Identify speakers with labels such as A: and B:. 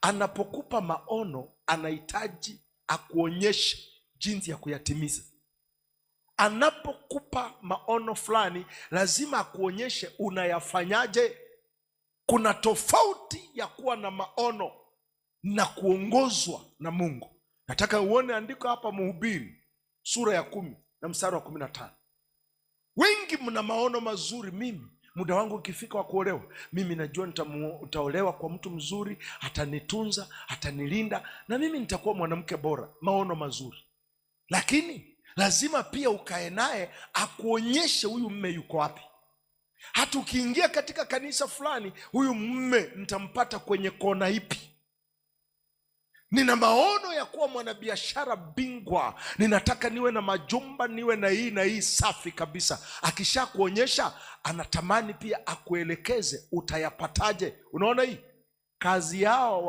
A: Anapokupa maono, anahitaji akuonyeshe jinsi ya kuyatimiza. Anapokupa maono fulani, lazima akuonyeshe unayafanyaje. Kuna tofauti ya kuwa na maono na kuongozwa na Mungu. Nataka uone andiko hapa, Mhubiri sura ya kumi na mstari wa kumi na tano. Wengi mna maono mazuri, mimi muda wangu ukifika wa kuolewa, mimi najua nitaolewa kwa mtu mzuri, atanitunza, atanilinda na mimi nitakuwa mwanamke bora, maono mazuri. Lakini lazima pia ukae naye akuonyeshe huyu mme yuko wapi. Hata ukiingia katika kanisa fulani, huyu mme ntampata kwenye kona ipi? Nina maono ya kuwa mwanabiashara bingwa, ninataka niwe na majumba, niwe na hii na hii, safi kabisa. Akisha kuonyesha anatamani pia akuelekeze utayapataje. Unaona hii kazi yao